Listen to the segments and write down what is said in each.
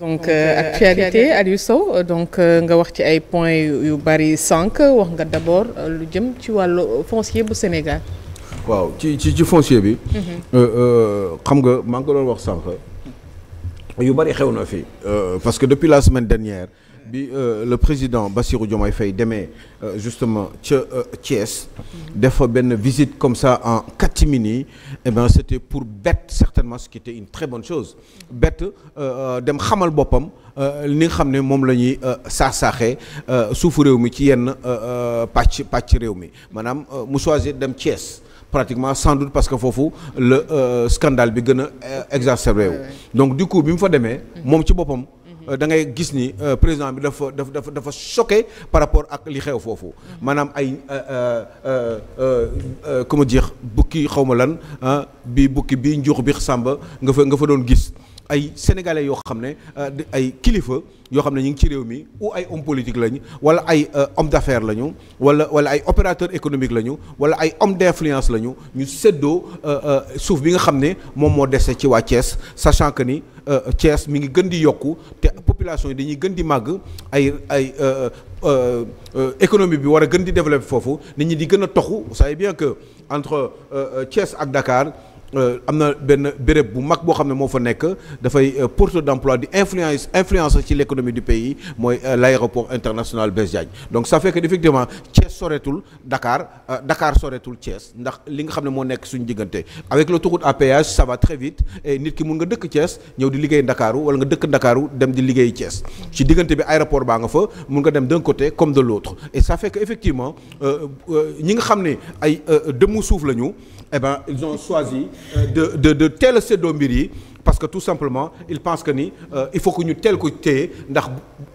donc euh, euh, actualité yu Sow euh, donc nga wax ci ay point yu bari sànq wax nga d'abord lu jëm ci wàllu foncier bu Sénégal. waaw ci ci ci foncier bi. Mhm. xam nga maa ngi ko doon wax sànq. yu bari xew na fi. parce que depuis la semaine dernière. bi euh, le président Bassirou Diomaye Faye demee euh, justement ca euh, Thiès def fa benn visite comme ça en catimini eh bien c' pour bett certainement ce qui était une très bonne chose bett dem xamal boppam li nga xam ne moom la ñuy saax-saaxee suufu réew mi ci yenn pàcc pàcc réew mi maanaam mu choisir dem Thiès pratiquement sans doute parce que foofu le scandale bi gën a exacerbé donc du coup bi mu fa demee moom ci boppam Euh, da ngay gis ni euh, président bi dafa dafa dafa choqué par rapport ak li xew foofu. maanaam ay euh, comment dire bukki xawma lan bi bukki bi njuux bi sàmba nga fa nga fa doon gis. ay sénégalais yoo xam ne euh, ay kilifa yoo xam ne ñu ngi ci réew mi ou ay homme politique lañu wala ay euh, homme d'affaires lañu wala wala ay opérateur économique lañu wala ay homme d'influence lañu ñu séddoo euh, suuf bi nga xam ne moom moo dese ci waa Thiès sa que ni Thiès mi ngi gën di yokku te population yi dañuy gën di màgg ay ay économie bi war a gën di développer foofu nit ñu di gën a toxu vous savez bien que entre Thiès ak Dakar. Euh, am na benn béréb bu mag boo xam ne moo fa nekk dafay euh, porte d'emploi di influence influence ci l'économie du pays mooy euh, l'aéroport international Blaise Diagne donc sa fait que effectivement Thiès soreetul Dakar dakaar soreetul Thiès ndax li nga xam ne moo nekk suñu diggante avec l'autoroute à sa ça va ki mun nga dëkk Thiès ñëw di liggéey Ndakaaru wala nga dëkk Ndakaaru dem di liggéey Thiès ci diggante bi aéroport baa nga fa mun nga dem d'un côté de l'autre et ça fait effectivement ñi nga xam ne ay dëmmu suuf lañu eh ben ils ont choisi euh, de de de teel a mbir yi parce que tout simplement il pensent que ni euh, il faut que ñu teel ko téye ndax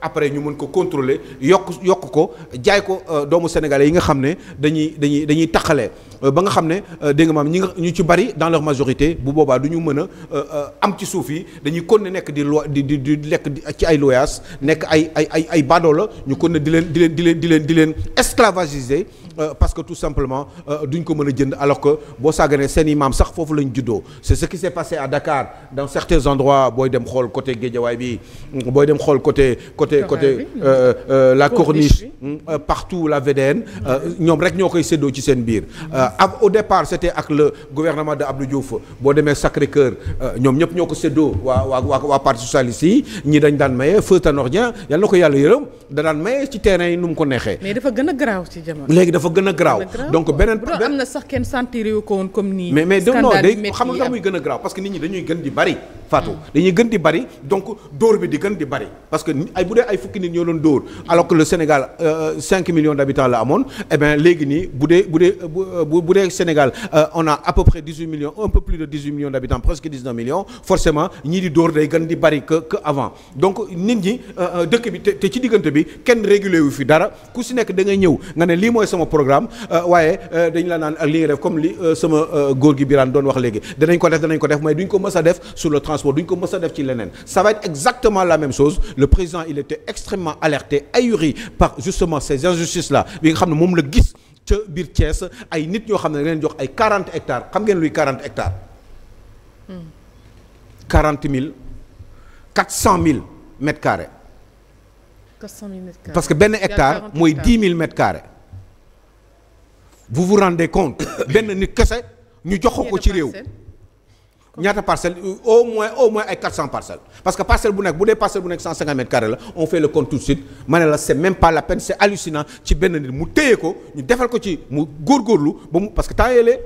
après ñu mën ko contrôler yokk yokk ko jaay ko euh, doomu sénégalais yi nga xam ne dañuy dañuy dañuy taxalee Euh, ba nga xam ne euh, dénga nga maam ñi nga ñu ci bari dans leur majorité bu boobaa du ñu mën a euh, am ci suuf yi dañuy kon ne nekk di lo di di di lekk ci ay loyaas nekk ay ay ay ay baadoo la ñu kon ne di leen di leen di leen di leen di leen esclavagiser parce que tout simplement duñ ko mën a jënd alors que boo sàgganee seen i maam sax foofu lañ juddoo c'est ce qui s'est passé à Dakar dans certains endroits booy dem xool côté géjawaay bi booy dem xool côté côté côté la corniche hmm, partout la VDN ñoom rek ñoo koy séddoo ci seen biir Euh, ab au départ c' était ak le gouvernement de Abdou Diouf boo demee Sacré Cœur euh, ñoom ñëpp ñoo ko séddoo waa waa waa waa parti socialiste yi ñi dañ daan maye Feu Tanor Dieng yal na ko yàlla yërëm da daan maye ci terrain yi nu mu ko neexee. mais dafa gën a garaaw ci jamono. léegi dafa gën a garaaw donc beneen. am na sax kenn sentir ko woon comme nii. mais mais non day xam nga muy gën a garaaw parce que nit ñi dañuy gën di bari Fatou dañuy gën di bari donc dóor bi di gën di bari parce que ay bu dee ay fukki nit ñoo doon dóor alors le Sénégal euh, euh, cinq millions la amoon eh léegi nii bu dee bu dee bu euh, bu dee Sénégal on à un peu plus dix-huit millions d'habitants presque dix-neuf millions forcément ñii di dóor day gën di bari que que avant donc nit ñi dëkk bi te ci diggante bi kenn régulé wu fi dara ku si nekk da ngay ñëw nga ne lii mooy sama programme waaye dañ la naan ak li nga li gi Birane doon wax ko ko def mais duñ transport duñ ko mës a def ci leneen ça va être exactement la même chose le président il était extrêmement alerté ahuri par justement ces injustices là bi nga xam ne moom la gis ca biir Thiès ay nit ñoo xam ne leen jox ay 40 hectares xam ngeen luy 40 hectares. 40 000 400 000 mètres carrés. 400 000 mètres parce que benn hectare mooy 10 000 mètres carrés. vous vous rendez compte benn nit kese ñu jox ko ci réew. ñaata parcelle euh, au moins au moins ay 400 parcelles parce que parcelle bu nekk bu dee parcelle bu nekk 150 mètres carrés la on fait le compte tout de suite ma c'est même pas la peine c'est hallucinant ci benn nit mu téye ko ñu defal ko ci mu góorgóorlu ba mu parce que temps yële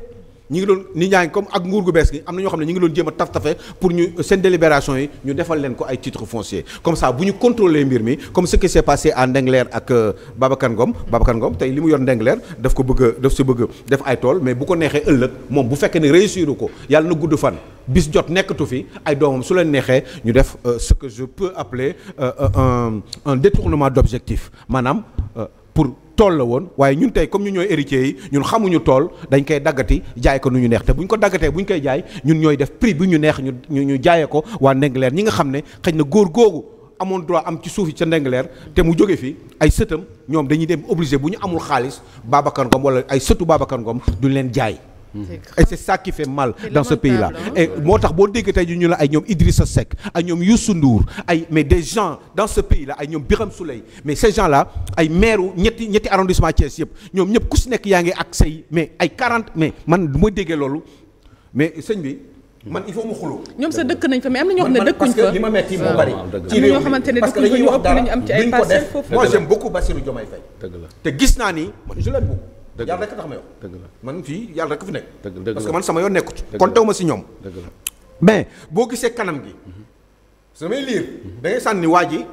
ñu ngi doon nit ñaa ngi comme ak nguur gu bees gi am na ñoo xam ne ñi ngi doon jéem a taf tafe pour ñu seen délibération yi ñu defal leen ko ay titre foncier comme ça bu ñu contrôler mbir mi comme ce qui s'est passé à ak euh, Babacar Ngom tey li mu yoon Ndengler daf ko bëgg a daf si bëgg def ay tool mais bu ko neexee ëllëg moom bu fekkee ne réussir ko yàlla na gudd fan bis jot nekkatu fi ay doomam su leen neexee ñu def euh, ce que je peux euh, un un détournement d'objectif maanaam pour tool la woon waaye ñun tey comme ñu ñooy héritiers yi ñun xamuñu tool dañ koy daggati jaay ko nu ñu neex te buñ ko daggatee buñ koy jaay ñun ñooy def prix bi ñu neex ñu ñu jaayee ko waa Ndingler ñi nga xam ne xëy na góor googu amoon droit am ci suuf ca Ndingler te mu jóge fi ay sëtam ñoom dañuy dem obligé bu ñu amul xaalis Babacar Ngom wala ay sëtu Babacar du duñ leen jaay Mhm. et c'est ça qui fait mal dans ce pays là moo tax boo dégg tey ñu la ay ñoom Idrissa Seck ay ñoom Youssou Ndour ay mais des gens dans ce pays là ay ñoom Birame Souley mais ces gens là ay maire ñetti ñetti arrondissement Thiès yëpp ñoom ñëpp ku si nekk yaa ngi ak say mais ay 40 mais man bu ma déggee loolu mais sëñ bi man il faut mu xuloo. ñoom sa dëkk nañ fa mais am na ñoo xam ne dëkkuñ fa parce que li ma moo bari. ci réew mi parce la te gis naa ni je dëgg la yàlla rek tax ma yow. dëgg la man fii yàlla rek fi nekk. dëgg la parce man sama yoon nekku ci. kon tew ma si ñoom. dëgg la mais boo gisee kanam gi. samay liir da sànni waa ji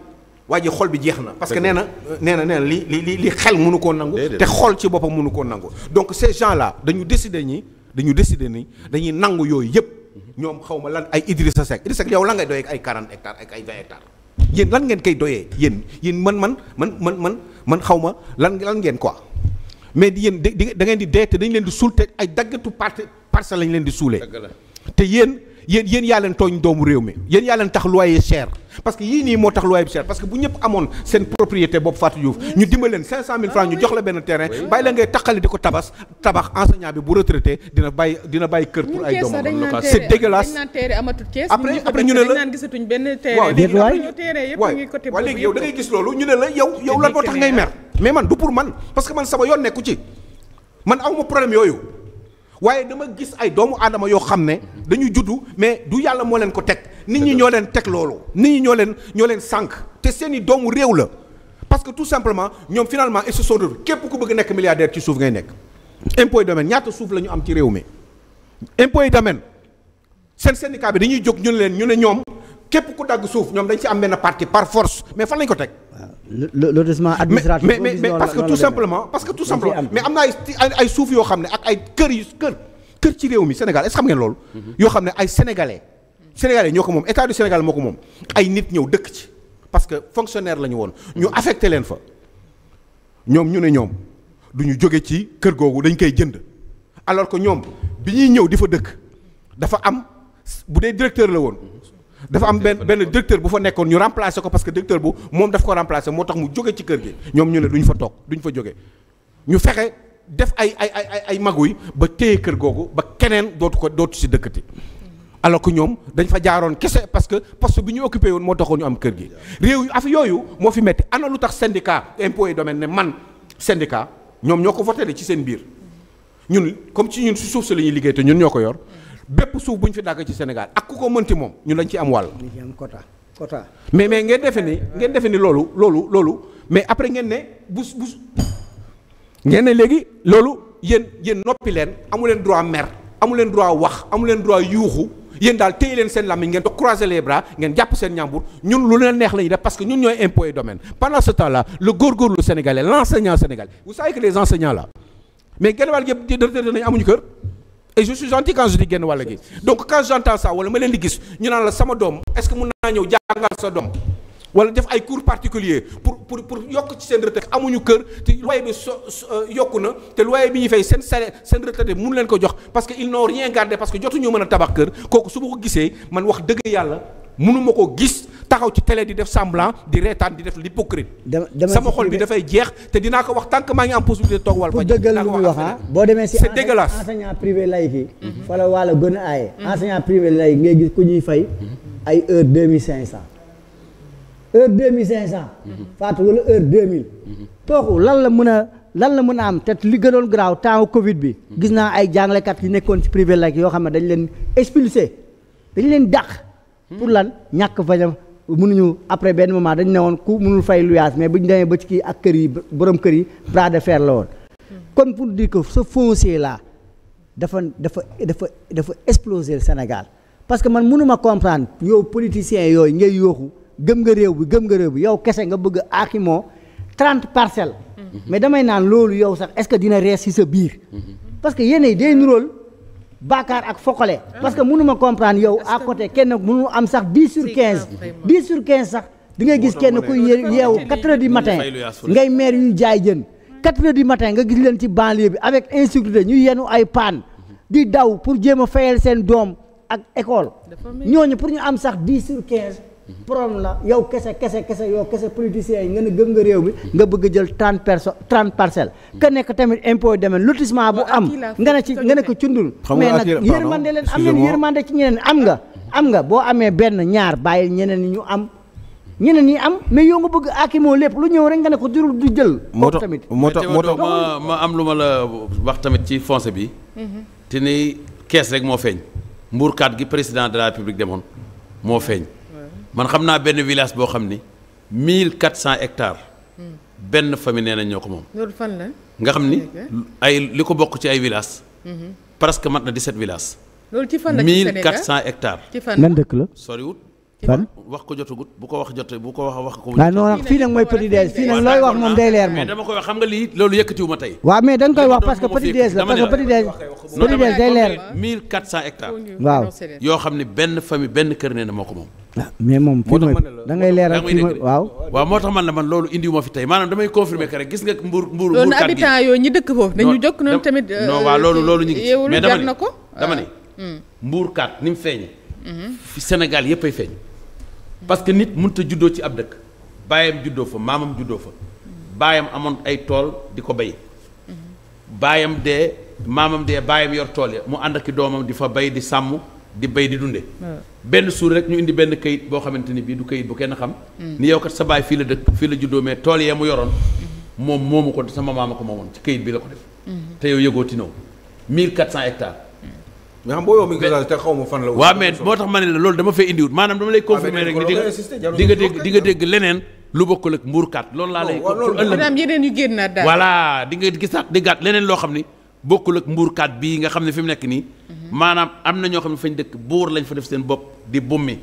waa ji xol bi jeex na. parce que nee na nee na nee li li li xel mënu koo nangu. te xol ci boppam munu koo nangu. donc ces gens là dañu décider ñi dañu décider ni dañuy nangu yooyu yëpp ñoom xaw ma lan ay Idrissa Seck Idrissa Seck yow la ngay doyee ay 40 hectares ak ay 20 yéen lan ngeen koy doyee yéen yéen man man man man man man xaw ma lan lan ngeen quoi. mais di yéen da ngeen di dee te dañ leen di suul te ay daggatu parcelle lañ leen di suulee te yéen yéen yéen yaa leen tooñ doomu réew mi yéen yaa leen tax loyer cher parce que yii nii moo tax loyer bi cher parce que bu ñëpp amoon seen propriété bopp Fatou Diouf ñu dimbali leen 500000 francs ñu jox la benn terrain bàyyi la ngay taqali di ko tabax tabax enseignant bi bu retraité dina bàyyi dina bàyyi kër pour ay doomam c'est dégueulasse après après ñu ne la waaw déet waay waaw léegi yow da ngay gis loolu ñu ne la yow yow lan moo tax ngay mer mais man du pour man parce que man sama yoon nekku ci man awma problème yooyu waaye dama gis ay doomu aadama yoo xam ne dañu juddu mais du yàlla moo leen ko teg nit ñi ñoo leen teg loolu nit ñi ñoo leen ñoo leen sànq te seeni doomu réew la parce que tout simplement ñoom finalement ils se sont képp ku bëgg nekk milliardaire ci suuf ngay nekk impôt domaine ñaata suuf la ñu am ci réew mi impôt domaine seen seeni bi dañuy jóg ñu ne leen ñu ne ñoom képp ku dagg suuf ñoom dañ ci am benn parti par force mais fan lañ ko teg. Ah, lotissement administratif mais mais mais parce que tout simplement parce que tout simplement mais am na ay suuf yoo xam ne ak ay kër yu kër kër ci réew mi Sénégal est-ce xam ngeen loolu. Mhm. yoo xam ne ay sénégalais. sénégalais ñoo ko moom état du Sénégal moo ko moom ay nit ñëw dëkk ci parce que fonctionnaire la ñu woon ñu mhm. affecté leen fa ñoom ñu ne ñoom du ñu jóge ci kër googu dañ koy jënd alors que ñoom bi ñuy ñëw di fa dëkk dafa am bu dee directeur la woon. dafa am benn benn directeur bu fa nekkoon ñu remplacer ko parce que directeur bu moom daf ko remplacer moo tax mu jóge ci kër gi ñoom ñu ne duñ fa toog duñ fa jóge ñu fexe def ay ay ay ay maguy ba téye kër googu ba keneen dootu ko dootu si dëkkati alors que ñoom dañ fa jaaroon kese parce que poste bi ñu occupé woon moo taxoon ñu am kër gi réew yu af yooyu moo fi metti ana lu tax sendika impôts et domaines ne man syndicat ñoom ñoo ko voté ci seen biir ñun comme ci ñun si suuf si la ñuy liggéey te ñun ñoo ko yor bépp suuf bu ñu fi dàgg ci Sénégal ak ku ko mënti moom ñu lañ ci am wàll. dañ am quota quota. mais mais ngeen defe ni ngeen defe ni loolu loolu loolu mais après ngeen ne bu bu ngeen ne léegi loolu yéen yéen noppi leen amu leen droit mer amu leen droit wax amu leen droit yuuxu yéen daal téye leen seen làmmiñ ngeen doog croiser bras ngeen jàpp seen ñàmbur ñun lu leen neex la ñuy parce que ñun ñooy impôt et domaine pendant ce temps là le góorgóorlu sénégalais l' enseignant sénégalais vous savez que les enseignants là mais genn amuñu kër. et je suis gentil quand je dis genn wàll gi donc quand j'entends ça wala ma leen di gis ñu naan la sama doom est-ce que mën naa ñëw jàngal sa doom wala def ay cours particulier pour pour pour yokk ci seen retraite amuñu kër te loyer bi euh, yokk na te loyer bi ñu fay seen salaire seen retraite mun leen ko jox parce que ils n'ont rien gardé parce que jotuñu mën a tabax kër kooku su ma ko gisee man wax dëgg yàlla mënuma ko gis taxaw ci télé di def semblant di reetaan di def l'hypocrite sama xol bi dafay jeex te dinaa ko wax tant que maa ngi am possibilité toog wal fa dëggal lu wax ah, boo demee si c'est dégueulasse enseignant privé laïque yi mhm. fala wàlla gën a aaye mhm. enseignant privé laïque ngay gis ku ñuy fay ay heure deux mille cinq cent heure deux mille cinq cent mhm. faatu wala heure deux mille kooku lan la mën a lan la mën a am te li gënoon garaaw temps Covid bi gis naa ay jàngalekat yu nekkoon ci privé laïque yoo xam ne dañ leen expulsé dañ leen dàq pour lan ñàkk fañ a mënuñu après benn moment dañ ne woon ku mënul fay luyaas mais bu ñu demee ba ci kii ak kër yi borom kër yi bras de fer la woon. kon hmm. pour dire que ce foncier là dafa dafa dafa dafa exploser Sénégal parce que man mënuma comprendre yow politiciens yooyu ngay yooxu gëm nga réew bi gëm nga réew bi yow kese nga bëgg a aakimoo trente parcelles. Hmm. mais damay naan loolu yow sax est-ce que dina rees ci sa biir. Hmm. parce que yéen day nuróol. Bakar ak Fokole. parce que mënuma comprendre yow à côté kenn mënu am sax 10 sur 15 10 sur quinze sax di ngay gis kenn kuy yeewu 4 heures du matin ngay maire yuy jaay jën 4 heures du matin nga gis leen ci banlieue bi avec insécurité ñu yenu ay paan di daw pour jéem a fayal seen doom ak école ñooñu pour ñu am sax 10 sur 15 problème la yow kese kese kese yow kese politiciens yi nga ne gëm nga réew mi nga bëgg jël trente personnes trente parcelles que nekk tamit impôt domaine lotissement bu am nga ne ci nga ne ko cundul mais nag yërmande leen am leen yërmande ci ñeneen am nga am nga boo amee benn ñaar bàyyi ñeneen ñi ñu am ñeneen ñi am mais yow nga bëgg aakimoo lépp lu ñëw rek nga ne ko durul du jël moo tax moo tax moo ma am lu ma la wax tamit ci foncé bi mhm. te ni kees rek moo feeñ mbuurkaat gi président de la république moo feeñ man xam naa benn village boo xam ni 1400 hectares. benn famille nee nañ ñoo ko moom. loolu fan la. nga xam ni ay li ko bokk ci ay villages. presque mat na 17 villages. loolu ci fan la ci Sénégal 1400 hectares. ci la soriwut. fan wax ko jotagut bu ko wax jot bu ko wax wax ko. waaw non fii nag mooy petit déj fii nag looy wax moom day leer moom. xam nga lii loolu yëkkatiwuma tey. waaw mais dañ koy wax parce que petit déj la parce que petit déj. day leer 1400 hectares. waaw yoo xam ne benn famille benn kër nee na moo Ah, mais moom fi ma da ngay leeral waaw waaw moo tax man la man loolu indiwuma fi tey maanaam damay confirmer que rek gis nga mbuur mbuur mbuur habitant yooyu ñi dëkk foofu dañu jokk noonu tamit non waaw euh, loolu loolu ñu ngi mais dama ne ko dama ne ah, hmm. mbuur kaat ni mu feeñe mhm. fi senegal yépp ay feeñ parce que nit mënut a juddoo ci ab dëkk baayam juddoo fa maamam juddoo fa baayam amoon ay tool di ko bay mhm. baayam dee maamam dee baayam yor tool ya mu ànd ak doomam di fa bay di sàmm di bay di dunde benn suur rek ñu indi benn kayit boo xamante ni bii du kayit bu kenn xam mm. ni yow kat sa baay fii la dëkk fii la juddoo mais tool yee mu yoroon mm-hmm. moom moomu ko sama maama ko moomoon ci kayit bi la ko def mm-hmm. te yow yëgoo tinoo mille quatre cent hectares mm. mais xam moo tax ma ne la loolu dama fay indiwut maanaam dama lay confirmer ah, rek di nga dégg di nga dégg leneen lu bokkul ak mbuurkat loolu laa lay ëllëg yeneen yu génnaat daal voilà di nga gisaat di gàtt leneen loo xam ni bokkul ak mbuurkat bii nga xam ne fi mu nekk nii. Mhm. maanaam am na ñoo xam ne fañ dëkk buur lañ fa def seen bopp di bummi.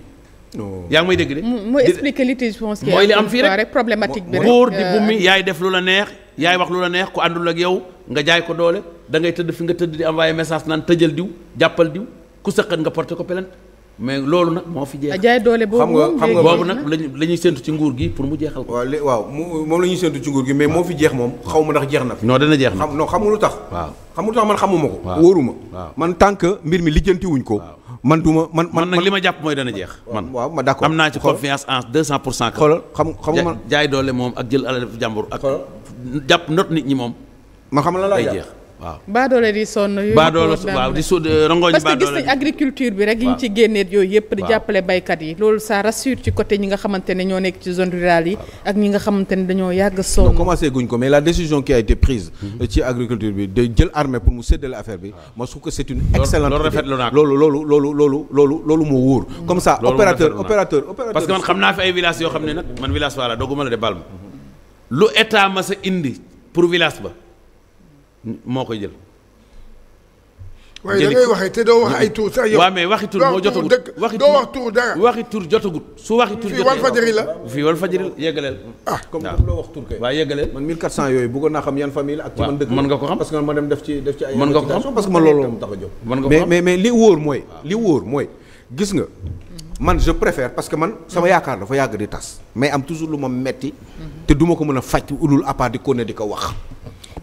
yaa ngi may dégg de. mooy expliquer litige foncier mooy am fii rek problématique bi rek euh, yaay def lu la neex yaay wax lu la neex ku àndul ak yow nga jaay ko doole da tëdd fi nga tëdd di envoyer message naan tëjal diw jàppal diw ku sëqat nga porté ko plainte mais loolu nag moo fi jeexal. jaay doole boobu moom xam nga boobu nag la ñuy séntu ci nguur gi pour mu jeexal ko. waaw li waaw moom la ñuy séntu ci nguur gi mais moo fi jeex moom xaw ma ndax jeex na fi. non dana na non xam nga tax. waaw xam nga lu tax man xamuma ko. waaw wóoruma man tant que mbir mi lijjanti wuñ ko. man du ma man man nag li ma jàpp mooy dana jeex. man waaw ma d'accord am naa ci confiance en 200 pour cent. xoolal xam xam nga man jaay doole moom ak jël alal jàmbur ak. jàpp not nit ñi moom. ma xam la laa jeex waaw baadoole di sonn baadoole waaw di eh, parce que gis nañ agriculture bi rek yi ñu ci génneet yooyu yëpp di jàppale baykat yi loolu ça rassure ci côté ñi nga xamante ne ñoo nekk ci zone rurale yi ak ñi nga xamante ne dañoo yàgg sonn commencé guñ ko mais la décision qui a été prise mm-hmm. ci agriculture bi de jël armée pour mu séddale affaire bi ma su ko c'est une excellente loolu loolu loolu loolu loolu loolu moo wóor mm-hmm. comme ça opérateur opérateur opérateur parce que xam naa fi ay village yoo xam ne nag man village mm-hmm. indi pour village ba moo koy jël. waaye da ngay waxee te doo wax ay tur sax yow. waaw mais waxi tur moo jotagut waxi tur jotagut su waxi tur. fii Walfadjri la fii Walfadjri la yeggaleel. ah, ah. comme comme loo wax tur kay. waaw yeggaleel man 1400 yooyu bëggoon naa xam yan famille la ak. man nga ko xam parce que man loolu tax mais mais li wóor mooy. li wóor mooy gis nga. man je préfère parce que man sama yaakaar dafa yàgg di tas. mais am toujours lu ma metti. te du ma ko mën a faj ulul à part di ko ne di ko wax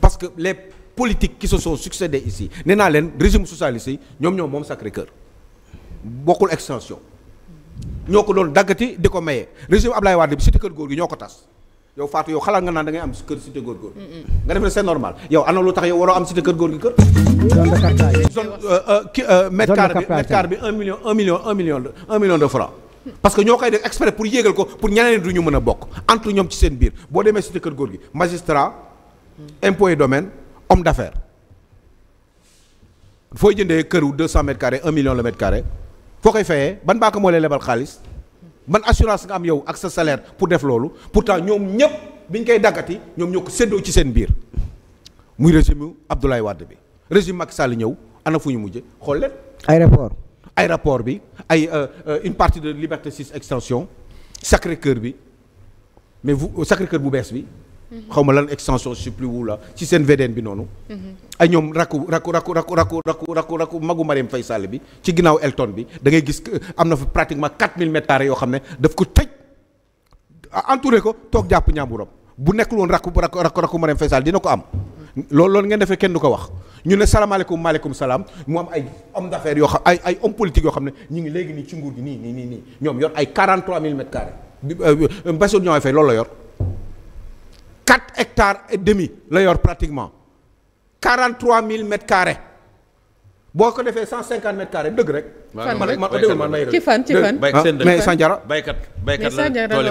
parce que lépp politiques qui se sont succédé ici nee naa leen régime socialiste yi ñoom ñoom moom Sacré Cœur bokkul extension ñoo ko doon daggati di ko maye régime Ablaye Wade bi cité kër góor gi ñoo ko tas yow Fatou yow xalaat nga naan da ngay am kër cité kër góor nga def ne c'est normal yow ana lu tax yow waroo am cité kër góor gi kër. zone de captage zone euh, euh, ki euh, mètre carré bi mètre carré bi un million un million un million de francs parce que ñoo koy def exprès pour yéegal ko pour ñeneen du ñu mën a bokk entre ñoom ci biir boo demee cité kër góor gi magistrat mm. impôt et domaine homme d'affaires fooy jëndee këru 200 mètres carrés 1 million le mètre carré foo koy fayee ban banque moo lay lebal xaalis ban assurance nga am yow ak sa salaire pour def loolu pourtant ñoom ñëpp biñ koy daggati ñoom ñoo ko séddoo ci seen biir muy régime Abdoulaye Wade bi régime Macky Sall ñëw ana fu ñu mujje xool leen. aéroport. aéroport bi ay euh, euh, une partie de Liberté 6 extension Sacré-Cœur bi mais vous euh, Sacré-Cœur bu bees bi. Mm-hmm. xaw ma lan extension je sais plus où là ci seen VDN bi noonu. Mm-hmm. ay ñoom rakku rakku rakku rakku rakku rakku bi ci ginnaaw Elton bi da gis euh, am na fa pratiquement 4000 mètres carrés yoo xam ne daf ko bu nekkul woon rakku rakku rakku rakku Marième Faye Sall dina ko am. Mm-hmm. loolu loolu ngeen defee kenn du ko wax ñu ne salaamaaleykum maaleykum salaam mu am ay homme d'affaires yoo xam ay ay homme yoo xam ne ñu ngi léegi nii ci nguur gi nii nii ñoom yor ay 43000 mètres carrés bi euh, euh, Bassirou Diomaye Faye loolu la yor. 4 hectares et demi la yor pratiquement 43 000 mètres carrés boo ko defee 150 mètres carrés dëgg rek. ci fan ci fan ah, mais Sandiara. baykat la tool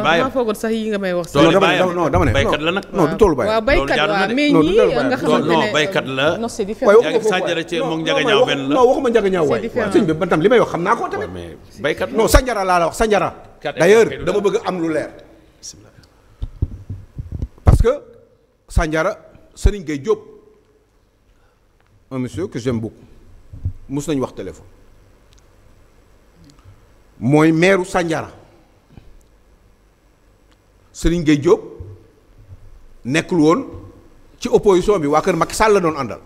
may wax. tool yi bàyyam non dama ne baykat la nag. non du toolu bàyyam waaw baykat waaw mais ñii nga xamante ne baykat la. Euh, non c'est différent waaye njagañaaw benn la bi ba tam li may wax xam naa ko tamit. baykat non laa la wax Sandiara. d'ailleurs dama bëgg am lu leer que Sandiara Serigne Gueye Diop un monsieur que nañu wax téléfon mooy meeru Sandiara Serigne Gueye jóob nekkul woon ci opposition bi waa kër mag Sall la doon àndal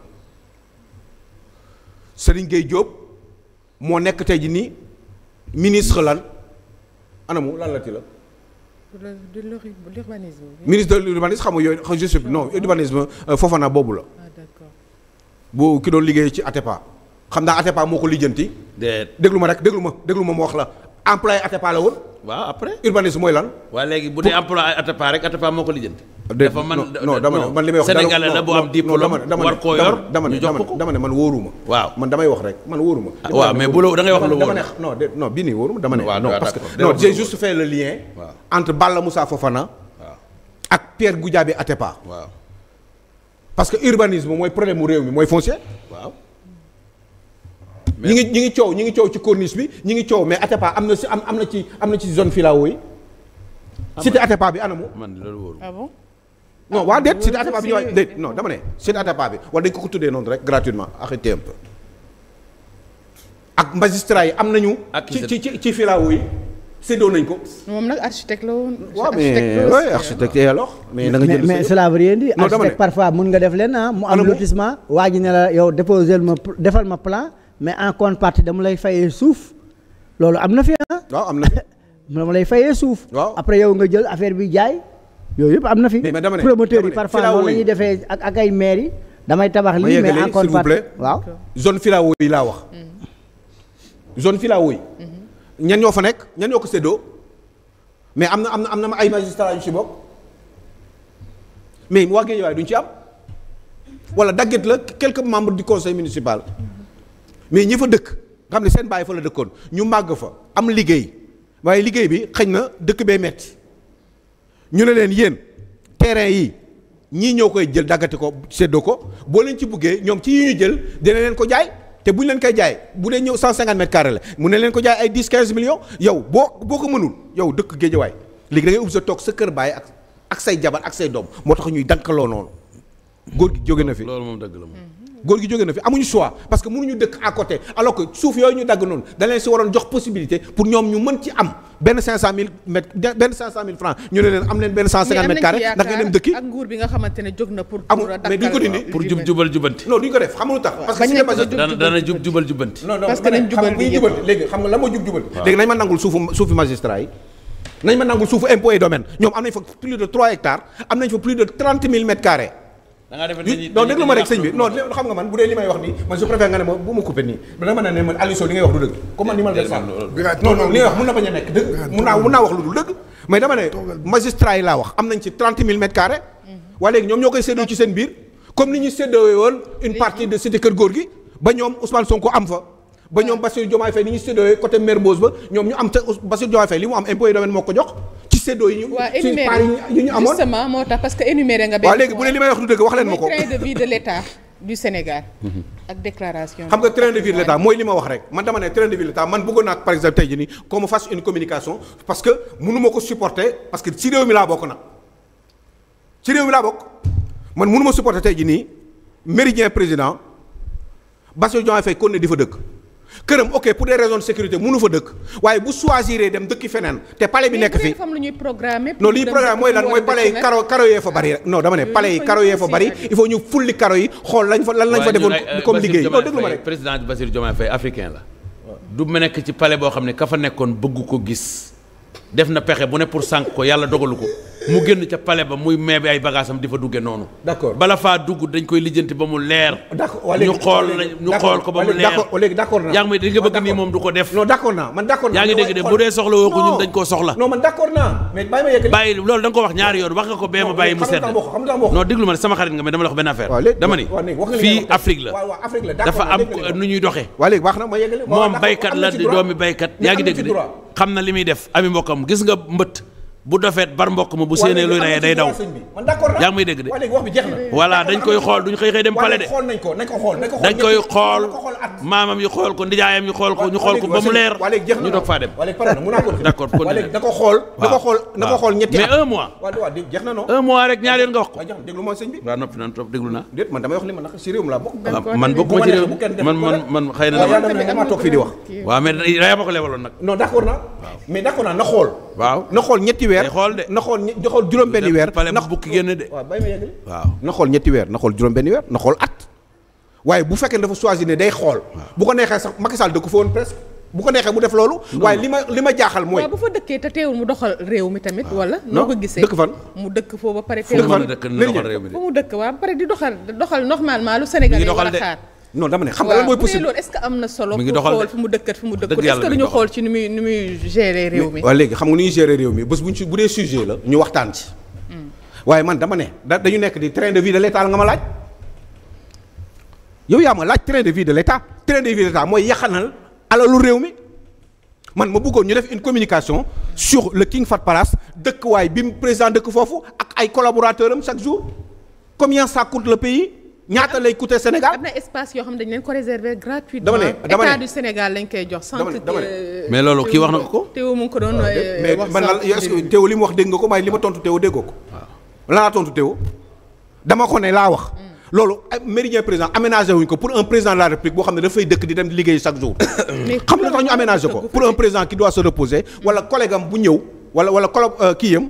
Serigne Gueye jóob moo nekk tey ji nii ministre lan anamu lan la. de l'urbanisme. ministre de l'urbanisme xam nga yooyu je suis non ah, urbanisme euh, Fofana boobu la. Ah, bu ki doon liggéey ci Atepa xam naa Atepa moo ko lijjanti. déet déglu ma rek déglu ma déglu ma mu wax la employé Atepa la woon. waaw après urbanisme mooy lan. waaw léegi bu dee employé Atepa rek Atepa moo ko lijjanti. dafa man non dama ne man li may wax sénégalais la bu am diplôme war koo yor dama ne man wóoruma waaw man damay wax rek man wóoruma ah, waaw mais bu la da ngay wax lu wóor non non bii nii wóoruma dama ne non parce que non j'ai juste fait le lien entre Balla Moussa Fofana ak Pierre Goudiaby Atepa parce que urbanisme mooy problème mu réew mi mooy foncier waaw ñi ngi ñi ngi coow ñi ngi coow ci corniche bi ñi ngi coow mais Atepa am na si am am na ci am na ci zone filao yi ah, cité Atepa bi anamu man loolu non waa déet Sidi Ataba bi ñëwaat ne Sidi Ataba dañ ko ko tuddee noonu rek gratuitement ak magistrat yi am nañu. ci ci ci ci filaawu yi séddoo nañ ko. moom nag architecte la woon. waaw mais oui architecte alors. mais da nga jël mais cela veut rien dire. non architecte parfois mun nga def leen ah. mu am lotissement waa ji ne la yow déposé ma defal ma plan mais en contrepartie dama lay fayee suuf loolu am na fi ah. waaw am na fi. dama lay fayee suuf. après yow nga jël affaire bi jaay. yooyu yëpp am na fi. mais dama ne promoteur yi parfois noonu la ñuy defee ak ak ay maires yi. damay tabax lii mais encore s'il vous plaît waaw. zone filao yi laa wax. zone filao yi. ñan ñoo fa nekk ñan ñoo ko séddoo. mais am na am na am na ay magistrats yu ci bokk. mais waa Guédiawaye duñ ci am. wala dagget la quelques membres du conseil municipal. mais ñi fa dëkk nga xam ne seen bàyyi fa la dëkkoon ñu màgg fa am liggéey waaye liggéey bi xëy na dëkk bee metti ñu ne leen yéen terrain yi ñii ñoo koy jël daggati ko séddoo ko boo leen ci buggee ñoom ci yi ñu jël dina leen ko jaay te bu ñu leen koy jaay bu dee ñëw 150 mètres carrés la mu ne leen ko jaay ay 10 15 millions yow boo boo ko mënul yow dëkk géejawaay léegi da ngay ubbi sa toog sa kër bàyyi ak ak say jabar ak say doom moo tax ñuy dankaloo noonu góor gi jóge na fi loolu moom dëgg la moom góor gi jóge na fi amuñu choix parce que mënuñu dëkk à côté alors suuf yooyu ñu dagg noonu dañ si waroon jox possibilité pour ñoom ñu mën ci am benn 500000 mètres benn 500000 francs ñu ne leen am leen benn 150 mètres carrés ndax nga ne jóg na pour. amul mais duñ ko dindi pour jub jubal ko def xam tax. parce que si dana dana jubal jubal léegi nañ ma nangul suufu suufu magistrat yi. nañ ma nangul suufu impôt et domaine ñoom am nañ fa plus de 3 da ngaa def ma rek sëñ bi non xam nga man bu dee li may wax nii man je préfère nga ne ma bu ma coupé nii dana mën a ne man Aliou Sow li ngay wax du dëgg comme man ni ma magistrat yi laa wax am nañ ci 30 000 mètres carrés waa léegi ñoom ñoo koy séddoo ci seen biir comme ni ñu séddoowee woon une partie de cité kër góor gi ba ñoom Ousmane Sonko am fa ba ñoom Bassirou Diomaye Faye ni ñu séddoowee côté Mermoz ba ñoom ñu am te Bassirou Diomaye li mu am impôt yi moo ko jox séddoo yi ñu. suñ part yi ñu amoon justement moo tax parce que énuméré nga. benn waaw léegi bu ne li may wax du dëgg wax leen ma ko. train de vie de l'État du Sénégal. Mhm. ak déclaration. xam nga train de vie de l'État mooy li ma wax rek man dama ne train de vie de l'État man bëggoon naa par exemple tey jii nii qu'on me une communication parce que mënu ma ko supporter parce que ci réew mi laa bokk nag ci réew mi laa bokk man mënu ma supporter tey jii nii Méridien président Bassirou Diomaye Faye kon ne fa dëkk. këram ok pour des raisons de sécurité mënu fa dëkk waaye bu choisir dem dëkki feneen te palais bi nekk fi non li ñuy programme mooy lan mooy palais yi karo karo yee fa bari rek ah. non dama ne palais yi karo yee fa bari il faut ñu fulli karo yi xool lañ fa lan lañ fa defoon comme euh, liggéey non déglu ma rek président Bassirou Diomaye Faye africain la du ma nekk ci pale boo xam ne ka fa nekkoon bëgg ko gis def na pexe bu ne pour sànq ko yàlla dogalu ko mu génn ca palais ba muy meebe ay bagaasam di fa dugge noonu. d'accord bala faa dugg dañ koy lijjanti ba mu leer. d'accord ñu xool ñu xool ko ba mu leer. yaa ngi moom du ko def. non d'accord naa man d'accord naa yaa ngi dégg de bu dee soxla woo ko ñun dañ koo soxla. bàyyi loolu da nga wax ñaari yoon wax nga ko bee ma bàyyi mu sedd. non déglu ma ne sama xarit nga mais dama la wax benn affaire. dama ni fii Afrique la dafa am nu ñuy doxee. moom baykat la doomi baykat yaa ngi dégg de xam na li muy def ami mbokkam gis nga mbëtt bu dofeet bar mbokk ma bu séenee luy rayee day daw yaa ngi may dégg de voilà dañ koy xool duñ xëy xëy dem pale de dañ koy xool maamam yu xool ko ndijaayam yu xool ko ñu xool ko ba mu leer ñu doog faa dem d'accord kon na ko xool ñetti mais un naa man ah, bokkuma ci réew man man man xëy na dama toog fii di wax waaw mais yaa ma ko lebaloon nag non d'accord naa mais xool waaw na xool ñetti weer. na xool na xool juróom-benni weer. na bukki génn de. waaw bay ma yegg waaw na xool ñetti weer na xool juróom-benni weer na xool at. waaye bu fekkee dafa choisir ne day xool. bu ko neexee sax Macky Sall da ko fa woon ko neexee mu def loolu. waaye li ma li ma jaaxal mooy. waaw bu fa dëkkee te teewul mu doxal réew mi tamit. wala noo ko gisee dëkk fan. mu dëkk foofu ba pare. teewul mu dëkk fan léegi fu mu dëkk waaw ba pare di doxal doxal normalement lu Sénégalais war a xaar non dama ne xam nga am na solo. mu ngi doxal xool fu mu dëkkat fu mu dëkkul est-ce que duñu xool ci nu muy nu muy gérer réew mi. waaw nu ñuy bu ñu ci bu dee sujet la ñu waxtaan ci. Hmm. waaye man dama ne da dañu nekk di train de vie de l'État nga ma laaj. yow yaa laaj train de vie de l'État train de vie de l'État mooy yaxanal alalu réew mi man ma bëggoon ñu def une communication sur le King Fahd Palace dëkkuwaay bi mu président dëkk foofu ak ay collaborateurs am chaque jour combien ça coûte le pays. ñaata lay coûter Sénégal. am na espace yoo xam ne dañ leen ko réserver gratuitement. dama ne dama ne dama ne mais na ko. Théo mu ngi ko doon ah, euh, wax man lan est-ce que Théo li mu wax dégg nga ko waaye li ma tontu Théo déggoo ko. waaw lan laa tontu Théo dama ko ne laa wax. Mm. loolu méridien président aménagé wuñ ko pour un président de la république boo xam ne dafay dëkk di dem di liggéey chaque jour. xam nga tax ñu aménagé ko pour un président qui doit se reposer wala mm. collègue am bu ñëw wala wala kolo euh, kii yam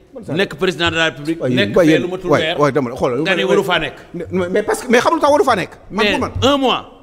nekk président de la république. nekk fee lu ma tur weer nga ne waru faa nekk. mais parce que mais a tax waru faa nekk. man un mois.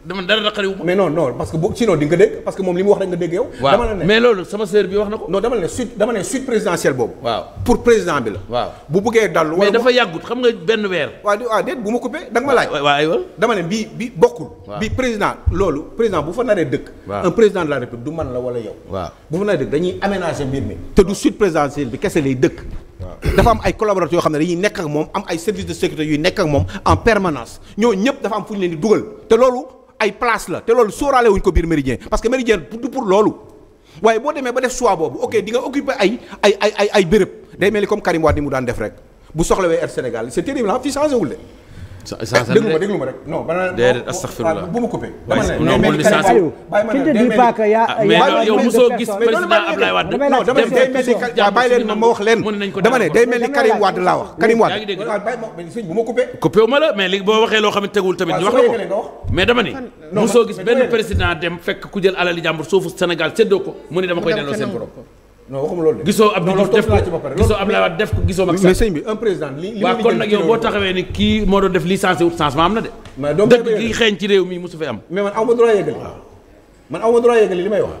dama dara naqariwu ma mais non non parce que boo sinon di nga dégg parce que moom li mu wax rek nga dégg yow mais loolu sama sœur bi wax na ko non dama la ne suite dama ne suite présidentielle boobu pour président bi la waaw bu bëggee dal mais dafa yàggut xam nga benn weer waaw waaw déet bu ma coupé da ma laaj waaw dama ne bii bi bokkul bi président loolu président bu fa naree dëkk un président de la république du man la wala yow waaw bu fa naree dëkk dañuy aménager mbir mi te du suite bi kese lay dëkk dafa am ay collaborateurs yoo xam ne dañuy nekk ak moom am ay services de sécurité yuy nekk ak moom en ñëpp dafa am fu leen dugal te ay place la te loolu wu wuñ ko biir méridien parce que méridien du pour loolu waaye boo demee ba def choix boobu ok di occuper ay ay ay ay day mel ni comme Karim Wade ni mu daan def rek bu soxlawee Air Sénégal c'est terrible ah fii changé wul de déglu ma déglu ma rek non bana déedéet astaghfirullah bu ma coupé non mais yow mosoo gis président Ablaye Wade bàyyi leen ma wax leen dama ne day mel ni Karim Wade laa wax Karim Wade sëñ bu ma coupé coupé wu ma la mais léegi boo waxee loo xam ne tegul tamit ñu wax la ko mais dama ne mosoo gis benn président dem fekk ku jël alali jàmbur suufu Sénégal séddoo ko mu ne dama koy delloo seen borom non waxuma loolu de. gisoo Abdou Diouf def ko gisoo Abdoulaye Wade def ko gisoo Macky Sall. bi un kon nag yow boo taxawee ni kii moo doon def lii sensé wut changement am na de. mais dëkk gi xeeñ ci réew mi mosu fee am. ma droit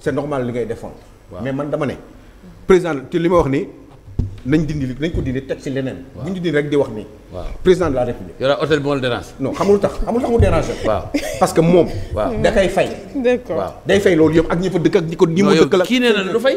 c'est normal li ngay défendre. mais man dama ne. président te li ma wax nii nañ dindi li nañ ko dindi teg ci leneen. bu ñu dindi rek di wax nii. waaw président de la république. yow daal hôtel bi moo la xamul tax xamul tax mu dérange. waaw parce que moom. waaw da kay fay. d'accord day fay loolu yëpp ak ñi fa dëkk ak ñi ko. ñi ma dëkk la kii nee na du fay.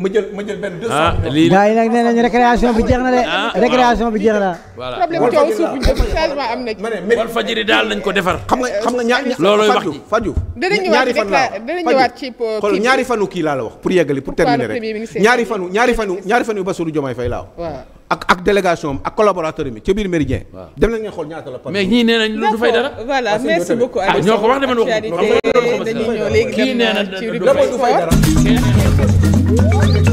ma jël ma jël benn deux cent. Ah, lii gars récréation bi jeex na de. Ah, récréation bi jeex na. voilà problème bi changement na ci. ma ne wal fajiri daal nañ ko defar. xam nga xam nga ñaar loolooy wax ji faju ñaari fan laa danañu ñëwaat ci euh, xool ñaari fanu kii laa la wax pour yeggali pour terminer rek ñaari fanu ñaari fanu ñaari fanu Bassirou Diomaye Faye laa wax ak ak délégation ak collaborateur mi ca biir méridien dem nañ ngeen xool nee nañ du fay dara voilà merci beaucoup ah, ñoo ko wax de man wax dañuy ñëw léegi dem na ci rubrique Thank you.